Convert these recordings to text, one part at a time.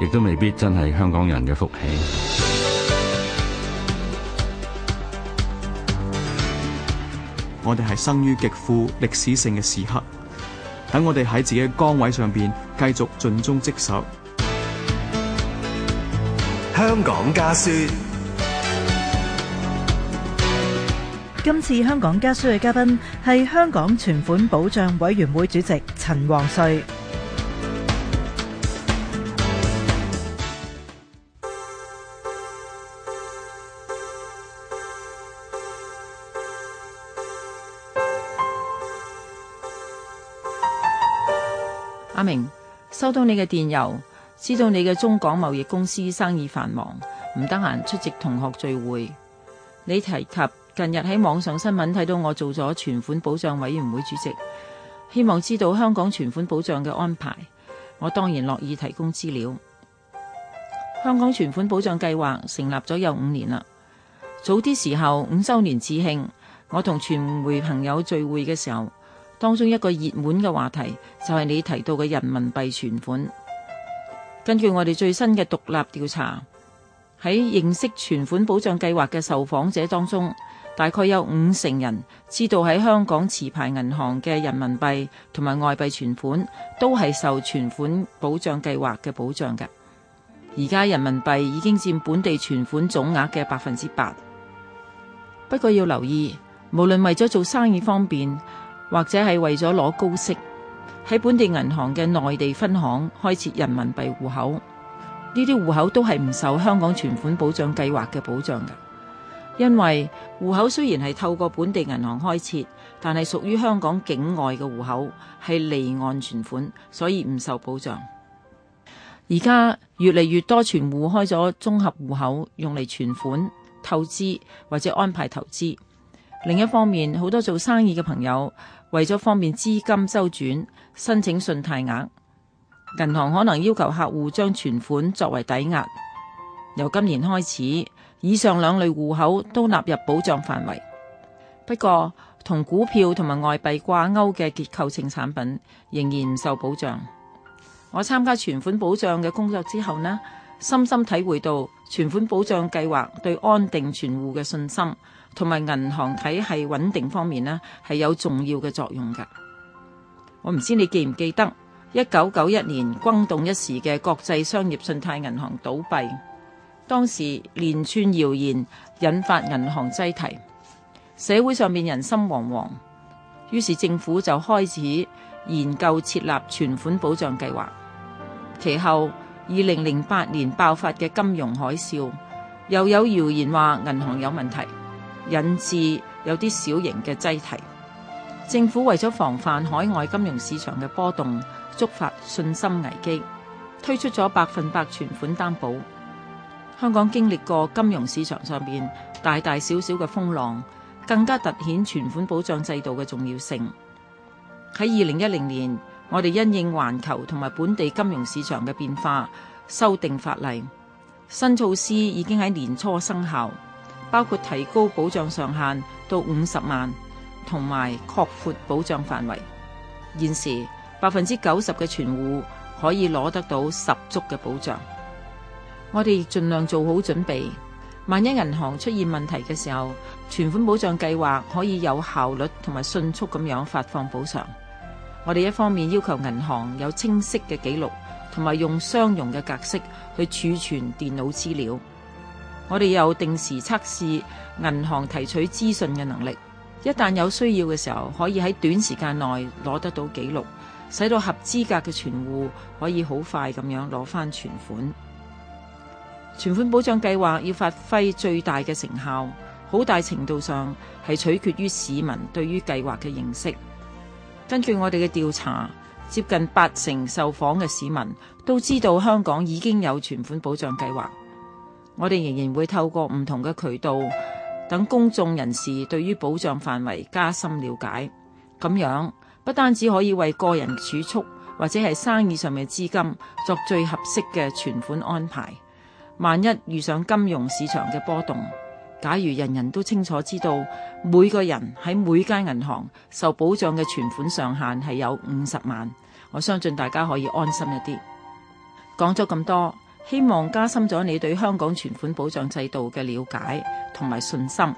亦都未必真係香港人嘅福氣。我哋係生於極富歷史性嘅時刻，等我哋喺自己嘅崗位上邊繼續盡忠職守。香港家書。今次香港家書嘅嘉賓係香港存款保障委員會主席陳黃穗。阿明，收到你嘅電郵，知道你嘅中港貿易公司生意繁忙，唔得閒出席同學聚會。你提及近日喺網上新聞睇到我做咗存款保障委員會主席，希望知道香港存款保障嘅安排。我當然樂意提供資料。香港存款保障計劃成立咗有五年啦，早啲時候五周年致慶，我同傳媒朋友聚會嘅時候。當中一個熱門嘅話題就係、是、你提到嘅人民幣存款。根據我哋最新嘅獨立調查，喺認識存款保障計劃嘅受訪者當中，大概有五成人知道喺香港持牌銀行嘅人民幣同埋外幣存款都係受存款保障計劃嘅保障嘅。而家人民幣已經佔本地存款總額嘅百分之八，不過要留意，無論為咗做生意方便。或者係為咗攞高息，喺本地銀行嘅內地分行開設人民幣戶口，呢啲戶口都係唔受香港存款保障計劃嘅保障嘅，因為戶口雖然係透過本地銀行開設，但係屬於香港境外嘅戶口，係離岸存款，所以唔受保障。而家越嚟越多存戶開咗綜合戶口，用嚟存款、透支或者安排投資。另一方面，好多做生意嘅朋友，為咗方便資金周轉，申請信貸額，銀行可能要求客戶將存款作為抵押。由今年開始，以上兩類戶口都納入保障範圍。不過，同股票同埋外幣掛鉤嘅結構性產品仍然唔受保障。我參加存款保障嘅工作之後呢，深深體會到存款保障計劃對安定存戶嘅信心。同埋銀行體系穩定方面呢係有重要嘅作用㗎。我唔知你記唔記得一九九一年轟動一時嘅國際商業信貸銀行倒閉，當時連串謠言引發銀行擠提，社會上面人心惶惶。於是政府就開始研究設立存款保障計劃。其後二零零八年爆發嘅金融海嘯，又有謠言話銀行有問題。引致有啲小型嘅擠提，政府為咗防範海外金融市場嘅波動觸發信心危機，推出咗百分百存款擔保。香港經歷過金融市場上邊大大小小嘅風浪，更加凸顯存款保障制度嘅重要性。喺二零一零年，我哋因應環球同埋本地金融市場嘅變化，修訂法例，新措施已經喺年初生效。包括提高保障上限到五十萬，同埋擴闊保障範圍。現時百分之九十嘅存戶可以攞得到十足嘅保障。我哋盡量做好準備，萬一銀行出現問題嘅時候，存款保障計劃可以有效率同埋迅速咁樣發放補償。我哋一方面要求銀行有清晰嘅記錄，同埋用相容嘅格式去儲存電腦資料。我哋有定時測試銀行提取資訊嘅能力，一旦有需要嘅時候，可以喺短時間內攞得到記錄，使到合資格嘅存戶可以好快咁樣攞返存款。存款保障計劃要發揮最大嘅成效，好大程度上係取決於市民對於計劃嘅認識。根據我哋嘅調查，接近八成受訪嘅市民都知道香港已經有存款保障計劃。我哋仍然會透過唔同嘅渠道，等公眾人士對於保障範圍加深了解。咁樣不單止可以為個人儲蓄或者係生意上面嘅資金作最合適嘅存款安排。萬一遇上金融市場嘅波動，假如人人都清楚知道每個人喺每間銀行受保障嘅存款上限係有五十萬，我相信大家可以安心一啲。講咗咁多。希望加深咗你對香港存款保障制度嘅了解同埋信心，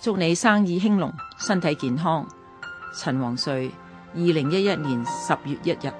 祝你生意興隆、身體健康。陳黃穗，二零一一年十月一日。